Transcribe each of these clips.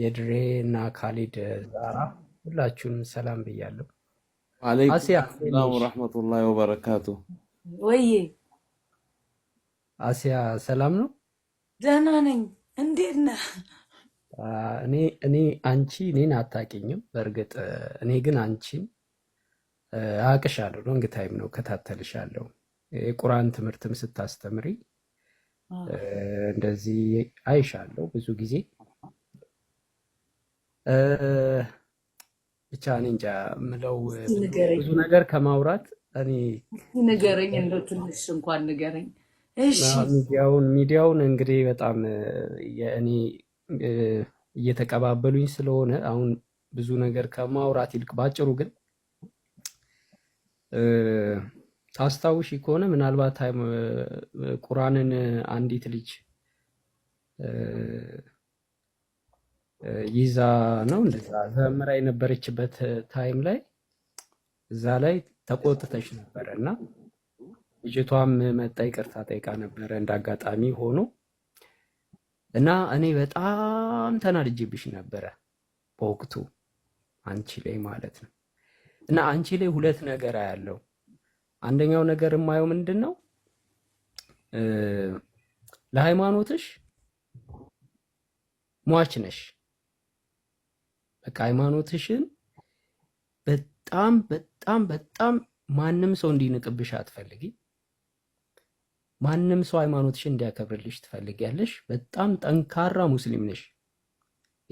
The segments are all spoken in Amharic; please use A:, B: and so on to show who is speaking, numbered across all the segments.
A: የድሬ እና ካሊድ ዛራ ሁላችሁንም ሰላም ብያለሁ።
B: አለይኩም ሰላም ወበረካቱ።
C: ወይ
A: አሲያ ሰላም ነው?
C: ደህና ነኝ። እንዴት ነ
A: እኔ እኔ አንቺ እኔን አታውቂኝም። በእርግጥ እኔ ግን አንቺን አውቅሻለሁ። ሎንግ ታይም ነው እከታተልሻለሁ። የቁርአን ትምህርትም ስታስተምሪ እንደዚህ አይሻለሁ ብዙ ጊዜ ብቻ እኔ እንጃ ምለው ብዙ ነገር ከማውራት እኔ
C: ንገረኝ፣ እንደው ትንሽ እንኳን ንገረኝ።
A: ሚዲያውን ሚዲያውን እንግዲህ በጣም የእኔ እየተቀባበሉኝ ስለሆነ አሁን ብዙ ነገር ከማውራት ይልቅ ባጭሩ ግን ታስታውሽ ከሆነ ምናልባት ቁራንን አንዲት ልጅ ይዛ ነው እንደዛ ዘምራ የነበረችበት ታይም ላይ እዛ ላይ ተቆጥተሽ ነበረ እና ልጅቷም መጣ ይቅርታ ጠይቃ ነበረ እንዳጋጣሚ ሆኖ እና እኔ በጣም ተናድጄብሽ ነበረ በወቅቱ አንቺ ላይ ማለት ነው። እና አንቺ ላይ ሁለት ነገር አያለው። አንደኛው ነገር የማየው ምንድን ነው ለሃይማኖትሽ ሟች ነሽ። በቃ ሃይማኖትሽን በጣም በጣም በጣም ማንም ሰው እንዲንቅብሽ አትፈልጊ። ማንም ሰው ሃይማኖትሽን እንዲያከብርልሽ ትፈልጊያለሽ። በጣም ጠንካራ ሙስሊም ነሽ።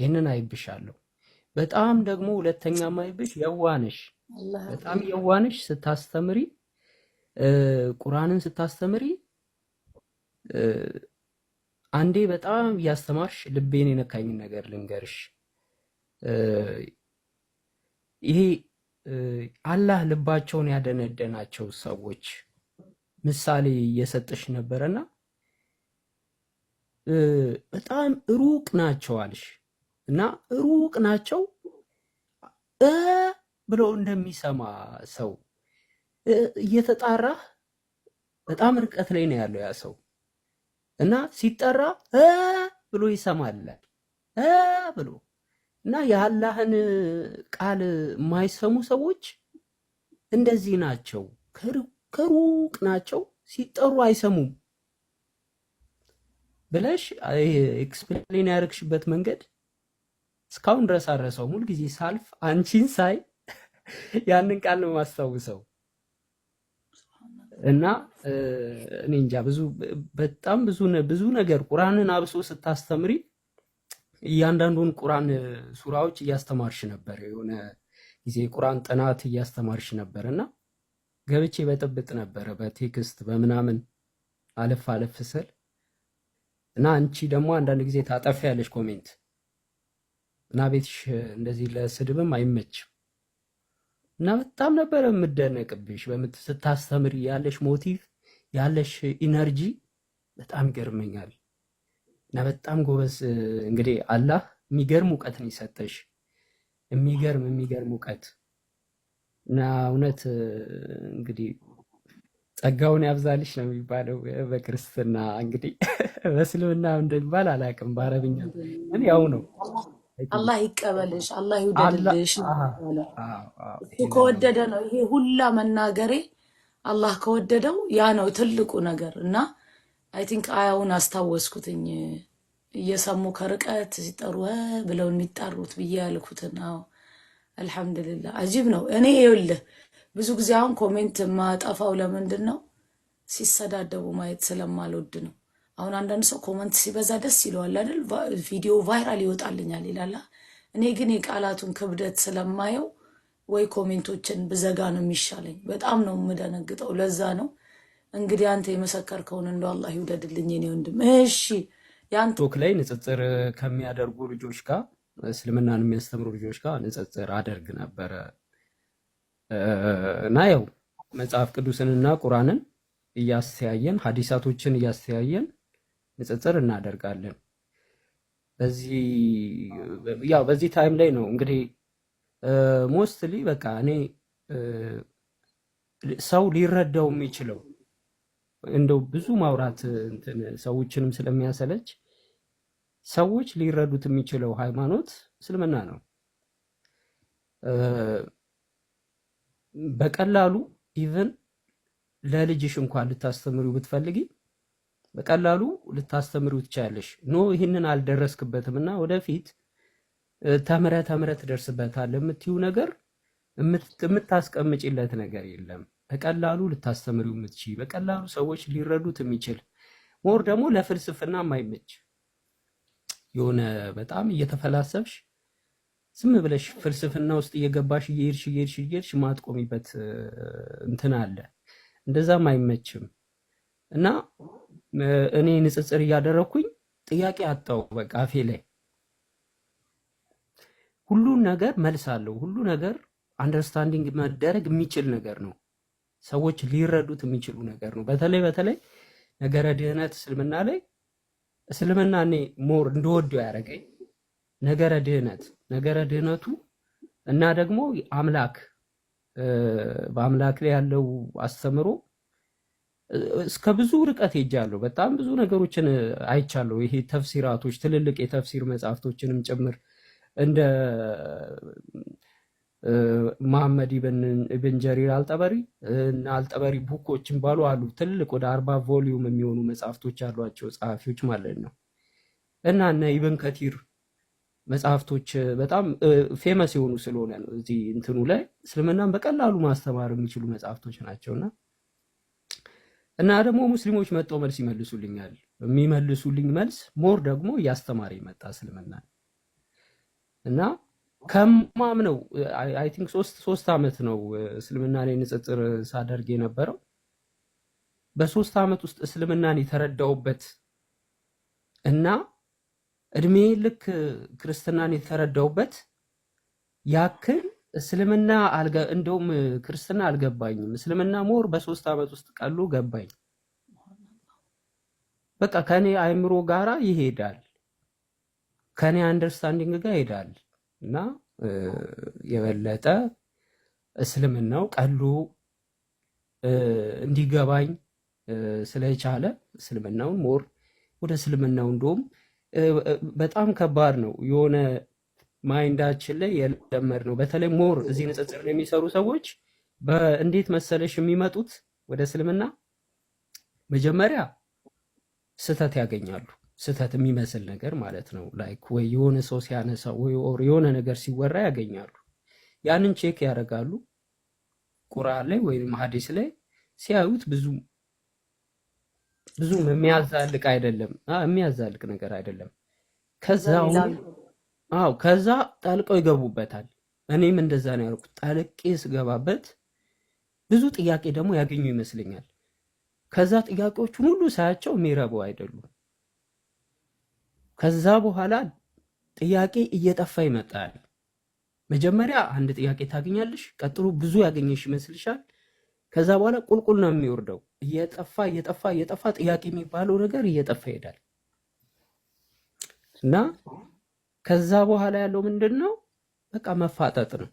A: ይህንን አይብሻለሁ። በጣም ደግሞ ሁለተኛ ማይብሽ የዋነሽ፣ በጣም የዋነሽ። ስታስተምሪ ቁርአንን ስታስተምሪ አንዴ በጣም እያስተማርሽ ልቤን የነካኝን ነገር ልንገርሽ ይሄ አላህ ልባቸውን ያደነደናቸው ሰዎች ምሳሌ እየሰጠሽ ነበረና በጣም ሩቅ ናቸው አልሽ እና ሩቅ ናቸው እ ብሎ እንደሚሰማ ሰው እየተጣራ በጣም ርቀት ላይ ነው ያለው ያ ሰው እና ሲጠራ እ ብሎ ይሰማል እ ብሎ እና የአላህን ቃል የማይሰሙ ሰዎች እንደዚህ ናቸው፣ ከሩቅ ናቸው፣ ሲጠሩ አይሰሙም ብለሽ ኤክስፕሌን ያደረግሽበት መንገድ እስካሁን ድረስ አረሰው። ሁልጊዜ ሳልፍ አንቺን ሳይ ያንን ቃል ነው የማስታውሰው። እና እኔ እንጃ ብዙ በጣም ብዙ ብዙ ነገር ቁርአንን አብሶ ስታስተምሪ እያንዳንዱን ቁራን ሱራዎች እያስተማርሽ ነበር፣ የሆነ ጊዜ ቁራን ጥናት እያስተማርሽ ነበር እና ገብቼ በጥብጥ ነበረ በቴክስት በምናምን አለፍ አለፍ ስል እና አንቺ ደግሞ አንዳንድ ጊዜ ታጠፊ ያለሽ ኮሜንት እና ቤትሽ እንደዚህ ለስድብም አይመችም እና በጣም ነበረ የምደነቅብሽ በምት ያለሽ ሞቲቭ ያለሽ ኢነርጂ በጣም ይገርመኛል። እና በጣም ጎበዝ እንግዲህ አላህ የሚገርም እውቀት ነው የሰጠሽ። የሚገርም የሚገርም እውቀት እና እውነት እንግዲህ ጸጋውን ያብዛልሽ ነው የሚባለው በክርስትና እንግዲህ በእስልምና እንደሚባል አላውቅም። በአረብኛ ግን ያው ነው።
C: አላህ ይቀበልሽ፣ አላህ ይውደድልሽ። እሱ ከወደደ ነው ይሄ ሁላ መናገሬ። አላህ ከወደደው ያ ነው ትልቁ ነገር እና አይ ቲንክ አያውን አስታወስኩትኝ እየሰሙ ከርቀት ሲጠሩ ብለው የሚጣሩት ብዬ ያልኩትን። አዎ አልሐምዱሊላ አጂብ ነው። እኔ ይኸውልህ ብዙ ጊዜ አሁን ኮሜንት ማጠፋው ለምንድን ነው ሲሰዳደቡ ማየት ስለማልወድ ነው። አሁን አንዳንድ ሰው ኮመንት ሲበዛ ደስ ይለዋል አይደል? ቪዲዮ ቫይራል ይወጣልኛል ይላላ። እኔ ግን የቃላቱን ክብደት ስለማየው ወይ ኮሜንቶችን ብዘጋ ነው የሚሻለኝ። በጣም ነው የምደነግጠው። ለዛ ነው እንግዲህ አንተ የመሰከርከውን እንደ አላህ ይውደድልኝ የኔ ወንድም። እሺ
A: ቶክ ላይ ንጽጽር ከሚያደርጉ ልጆች ጋር እስልምናን የሚያስተምሩ ልጆች ጋር ንጽጽር አደርግ ነበረ እና ያው መጽሐፍ ቅዱስንና ቁራንን እያስተያየን ሀዲሳቶችን እያስተያየን ንጽጽር እናደርጋለን። በዚህ ያው በዚህ ታይም ላይ ነው እንግዲህ ሞስትሊ በቃ እኔ ሰው ሊረዳው የሚችለው እንደው ብዙ ማውራት ሰዎችንም ስለሚያሰለች ሰዎች ሊረዱት የሚችለው ሃይማኖት እስልምና ነው። በቀላሉ ኢቨን ለልጅሽ እንኳን ልታስተምሪው ብትፈልጊ በቀላሉ ልታስተምሪው ትችያለሽ። ኖ ይህንን አልደረስክበትም እና ወደፊት ተምረ ተምረ ትደርስበታል የምትዩ ነገር የምታስቀምጭለት ነገር የለም። በቀላሉ ልታስተምሪው የምትች በቀላሉ ሰዎች ሊረዱት የሚችል ሞር ደግሞ ለፍልስፍና የማይመች የሆነ በጣም እየተፈላሰብሽ ዝም ብለሽ ፍልስፍና ውስጥ እየገባሽ እየሄድሽ እየሄድሽ እየሄድሽ ማትቆሚበት እንትን አለ። እንደዛም አይመችም እና እኔ ንጽጽር እያደረግኩኝ ጥያቄ አጣው። በቃ አፌ ላይ ሁሉን ነገር መልስ አለው። ሁሉ ነገር አንደርስታንዲንግ መደረግ የሚችል ነገር ነው። ሰዎች ሊረዱት የሚችሉ ነገር ነው። በተለይ በተለይ ነገረ ድህነት እስልምና ላይ እስልምና እኔ ሞር እንደወደው ያደረገኝ ነገረ ድህነት ነገረ ድህነቱ እና ደግሞ አምላክ በአምላክ ላይ ያለው አስተምሮ እስከ ብዙ ርቀት ሄጃለሁ። በጣም ብዙ ነገሮችን አይቻለሁ። ይሄ ተፍሲራቶች፣ ትልልቅ የተፍሲር መጽሐፍቶችንም ጭምር እንደ መሐመድ ኢብን ጀሪር አልጠበሪ እና አልጠበሪ ቡኮች ባሉ አሉ። ትልቅ ወደ አርባ ቮሊዩም የሚሆኑ መጽሐፍቶች ያሏቸው ጸሐፊዎች ማለት ነው። እና እነ ኢብን ከቲር መጽሐፍቶች በጣም ፌመስ የሆኑ ስለሆነ ነው እዚህ እንትኑ ላይ እስልምናን በቀላሉ ማስተማር የሚችሉ መጽሐፍቶች ናቸውእና እና ደግሞ ሙስሊሞች መጥተው መልስ ይመልሱልኛል። የሚመልሱልኝ መልስ ሞር ደግሞ እያስተማረ የመጣ እስልምና እና ከማምነው አይ ቲንክ ሶስት ሶስት ዓመት ነው እስልምና ላይ ንጽጽር ሳደርግ የነበረው። በሶስት ዓመት ውስጥ እስልምናን የተረዳውበት እና እድሜ ልክ ክርስትናን የተረዳውበት ያክል እስልምና እንደውም ክርስትና አልገባኝም። እስልምና ሞር በሶስት ዓመት ውስጥ ቀሉ ገባኝ። በቃ ከኔ አይምሮ ጋራ ይሄዳል፣ ከኔ አንደርስታንዲንግ ጋር ይሄዳል። እና የበለጠ እስልምናው ቀሎ እንዲገባኝ ስለቻለ እስልምናውን ሞር ወደ እስልምናው እንደውም በጣም ከባድ ነው የሆነ ማይንዳችን ላይ የለመድ ነው። በተለይ ሞር እዚህ ንጽጽር የሚሰሩ ሰዎች በእንዴት መሰለሽ የሚመጡት ወደ እስልምና መጀመሪያ ስህተት ያገኛሉ። ስህተት የሚመስል ነገር ማለት ነው። ላይክ ወይ የሆነ ሰው ሲያነሳ ወይ የሆነ ነገር ሲወራ ያገኛሉ። ያንን ቼክ ያደርጋሉ። ቁርአን ላይ ወይም ሀዲስ ላይ ሲያዩት ብዙ ብዙም የሚያዛልቅ አይደለም፣ የሚያዛልቅ ነገር አይደለም። ከዛው ከዛ ጠልቀው ይገቡበታል። እኔም እንደዛ ነው ያልኩት። ጠልቄ ስገባበት ብዙ ጥያቄ ደግሞ ያገኙ ይመስለኛል። ከዛ ጥያቄዎቹን ሁሉ ሳያቸው የሚረቡ አይደሉም። ከዛ በኋላ ጥያቄ እየጠፋ ይመጣል። መጀመሪያ አንድ ጥያቄ ታገኛለሽ፣ ቀጥሎ ብዙ ያገኘሽ ይመስልሻል። ከዛ በኋላ ቁልቁል ነው የሚወርደው። እየጠፋ እየጠፋ እየጠፋ ጥያቄ የሚባለው ነገር እየጠፋ ይሄዳል እና ከዛ በኋላ ያለው ምንድን ነው? በቃ መፋጠጥ ነው።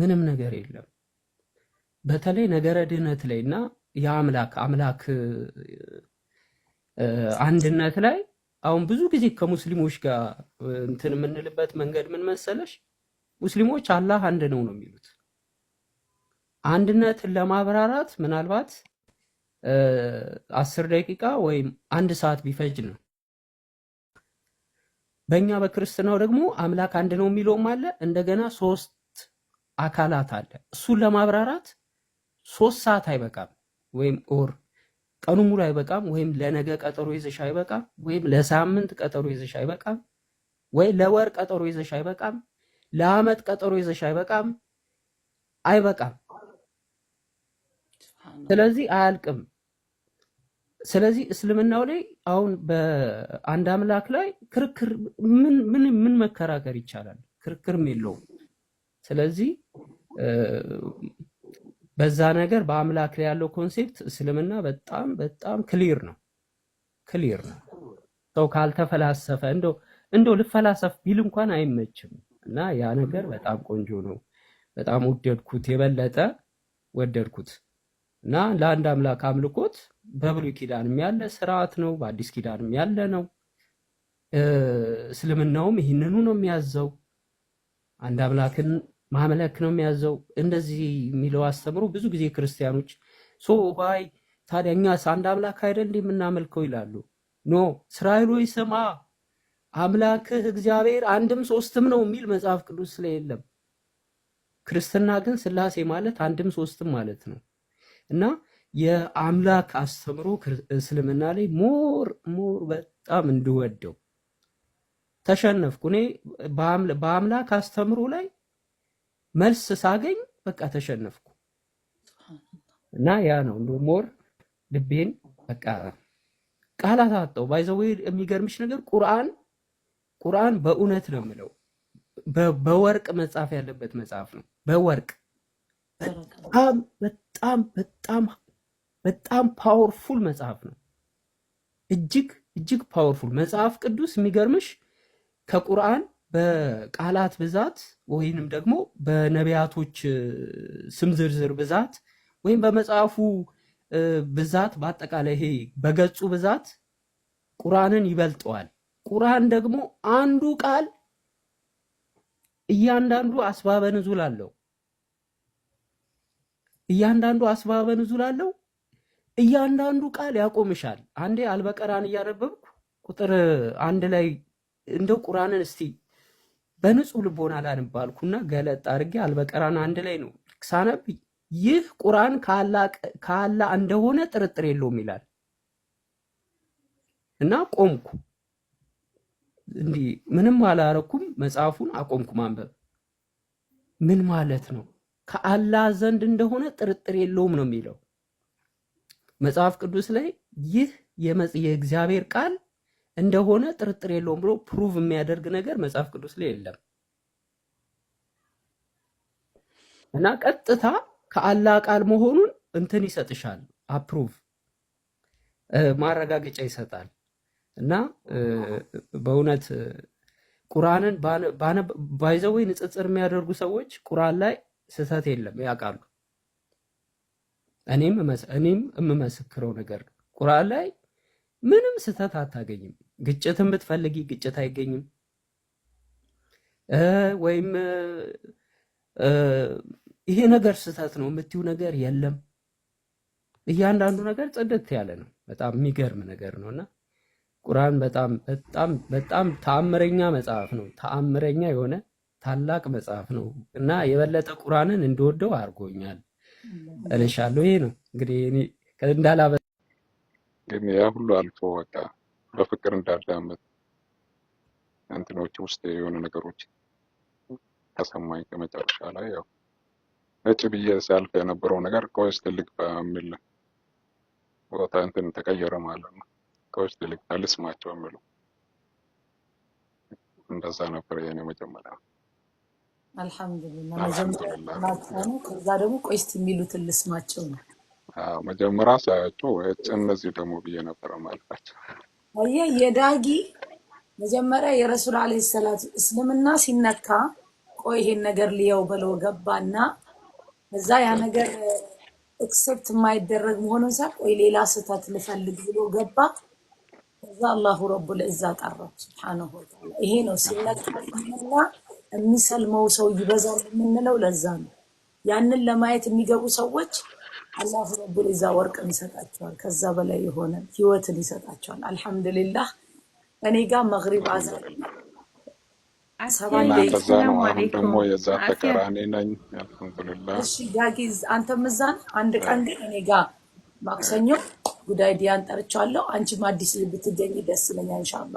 A: ምንም ነገር የለም። በተለይ ነገረ ድህነት ላይ እና የአምላክ አምላክ አንድነት ላይ አሁን ብዙ ጊዜ ከሙስሊሞች ጋር እንትን የምንልበት መንገድ ምን መሰለሽ፣ ሙስሊሞች አላህ አንድ ነው ነው የሚሉት። አንድነትን ለማብራራት ምናልባት አስር ደቂቃ ወይም አንድ ሰዓት ቢፈጅ ነው። በእኛ በክርስትናው ደግሞ አምላክ አንድ ነው የሚለውም አለ። እንደገና ሶስት አካላት አለ። እሱን ለማብራራት ሶስት ሰዓት አይበቃም ወይም ኦር ቀኑ ሙሉ አይበቃም፣ ወይም ለነገ ቀጠሮ ይዘሽ አይበቃም፣ ወይም ለሳምንት ቀጠሮ ይዘሽ አይበቃም፣ ወይ ለወር ቀጠሮ ይዘሽ አይበቃም፣ ለአመት ቀጠሮ ይዘሽ አይበቃም፣ አይበቃም። ስለዚህ አያልቅም። ስለዚህ እስልምናው ላይ አሁን በአንድ አምላክ ላይ ክርክር ምን ምን ምን መከራከር ይቻላል? ክርክርም የለውም። ስለዚህ በዛ ነገር በአምላክ ላይ ያለው ኮንሴፕት እስልምና በጣም በጣም ክሊር ነው፣ ክሊር ነው። ሰው ካልተፈላሰፈ እንደው እንደው ልፈላሰፍ ቢል እንኳን አይመችም። እና ያ ነገር በጣም ቆንጆ ነው። በጣም ወደድኩት፣ የበለጠ ወደድኩት። እና ለአንድ አምላክ አምልኮት በብሉይ ኪዳንም ያለ ስርዓት ነው፣ በአዲስ ኪዳንም ያለ ነው። እስልምናውም ይህንኑ ነው የሚያዘው አንድ አምላክን ማምለክ ነው የሚያዘው። እንደዚህ የሚለው አስተምሮ ብዙ ጊዜ ክርስቲያኖች ሶ ባይ ታዲያ እኛስ አንድ አምላክ አይደል የምናመልከው ይላሉ። ኖ እስራኤል ሆይ ስማ አምላክህ እግዚአብሔር አንድም ሶስትም ነው የሚል መጽሐፍ ቅዱስ ስለየለም። ክርስትና ግን ስላሴ ማለት አንድም ሶስትም ማለት ነው እና የአምላክ አስተምሮ እስልምና ላይ ሞር ሞር በጣም እንድወደው ተሸነፍኩ እኔ በአምላክ አስተምሮ ላይ መልስ ሳገኝ በቃ ተሸነፍኩ እና ያ ነው ሞር ልቤን በቃ ቃላት አጣው። ባይዘው የሚገርምሽ ነገር ቁርአን ቁርአን በእውነት ነው የምለው በወርቅ መጽሐፍ ያለበት መጽሐፍ ነው። በወርቅ በጣም በጣም በጣም በጣም ፓወርፉል መጽሐፍ ነው። እጅግ እጅግ ፓወርፉል መጽሐፍ ቅዱስ የሚገርምሽ ከቁርአን በቃላት ብዛት ወይንም ደግሞ በነቢያቶች ስም ዝርዝር ብዛት ወይም በመጽሐፉ ብዛት በአጠቃላይ ይሄ በገጹ ብዛት ቁርአንን ይበልጠዋል። ቁርአን ደግሞ አንዱ ቃል እያንዳንዱ አስባበ ንዙል አለው። እያንዳንዱ አስባበ ንዙል አለው። እያንዳንዱ ቃል ያቆምሻል። አንዴ አልበቀራን እያነበብኩ ቁጥር አንድ ላይ እንደው ቁርአንን እስቲ በንጹህ ልቦና ላንባልኩና ገለጥ አድርጌ አልበቀራን አንድ ላይ ነው ሳነብ ይህ ቁርአን ከአላ እንደሆነ ጥርጥር የለውም ይላል እና ቆምኩ። እንዲህ ምንም አላረኩም። መጽሐፉን አቆምኩ ማንበብ። ምን ማለት ነው? ከአላ ዘንድ እንደሆነ ጥርጥር የለውም ነው የሚለው መጽሐፍ ቅዱስ ላይ ይህ የእግዚአብሔር ቃል እንደሆነ ጥርጥር የለውም ብሎ ፕሩቭ የሚያደርግ ነገር መጽሐፍ ቅዱስ ላይ የለም እና ቀጥታ ከአላህ ቃል መሆኑን እንትን ይሰጥሻል፣ አፕሩቭ ማረጋገጫ ይሰጣል። እና በእውነት ቁርአንን ባይዘወይ ንጽጽር የሚያደርጉ ሰዎች ቁርአን ላይ ስህተት የለም ያውቃሉ። እኔም እኔም የምመሰክረው ነገር ቁርአን ላይ ምንም ስህተት አታገኝም። ግጭትን ብትፈልጊ ግጭት አይገኝም። ወይም ይሄ ነገር ስህተት ነው የምትይው ነገር የለም። እያንዳንዱ ነገር ጽድት ያለ ነው። በጣም የሚገርም ነገር ነው እና ቁርአን በጣም በጣም በጣም ተአምረኛ መጽሐፍ ነው። ተአምረኛ የሆነ ታላቅ መጽሐፍ ነው እና የበለጠ ቁርአንን እንደወደው አድርጎኛል እልሻለሁ። ይሄ ነው እንግዲህ እንዳላበ
B: ግን ያ ሁሉ አልፎ በቃ በፍቅር እንዳዳመጥ እንትኖች ውስጥ የሆነ ነገሮች ተሰማኝ። ከመጨረሻ ላይ ያው ነጭ ብዬ ሲያልፍ የነበረው ነገር ቆስት ልግባ የሚል ቦታ እንትን ተቀየረ ማለት ነው። ቆስት ልግባ ልስማቸው የሚሉ እንደዛ ነበር የኔ መጀመሪያ።
C: አልሐምዱሊላ ደግሞ ቆይስት የሚሉትን ልስማቸው ነው
B: መጀመሪያ ሳያቸው እነዚህ ደግሞ ብዬ ነበረ ማለታቸው
C: አየህ የዳጊ መጀመሪያ የረሱል አለይሂ ሰላት እስልምና ሲነካ ቆይ ይሄን ነገር ልየው ብለው ገባና እዛ ያ ነገር ኤክሰፕት የማይደረግ መሆኑን ሳ ቆይ ሌላ ስህተት ልፈልግ ብሎ ገባ። እዛ አላሁ ረቡል እዛ ጠራው ስብሓነሁ ወተዓላ። ይሄ ነው ሲነካ እስልምና የሚሰልመው ሰው ይበዛል የምንለው ለዛ ነው። ያንን ለማየት የሚገቡ ሰዎች አላሁ ረቡል ዒዛ ወርቅን ይሰጣቸዋል። ከዛ በላይ የሆነ ህይወትን ይሰጣቸዋል። አልሐምዱሊላህ እኔ ጋር መግሪብ አዛን ደግሞ
B: የዛ ነኝ። አልሐምዱሊላህ
C: እሺ፣ ጋጊዝ አንተም እዛ ነህ። አንድ ቀን ግን እኔ ጋር ማክሰኞ ጉዳይ ዲያን ጠርቻለሁ። አንቺም አዲስ ብትገኝ ደስ ይለኛል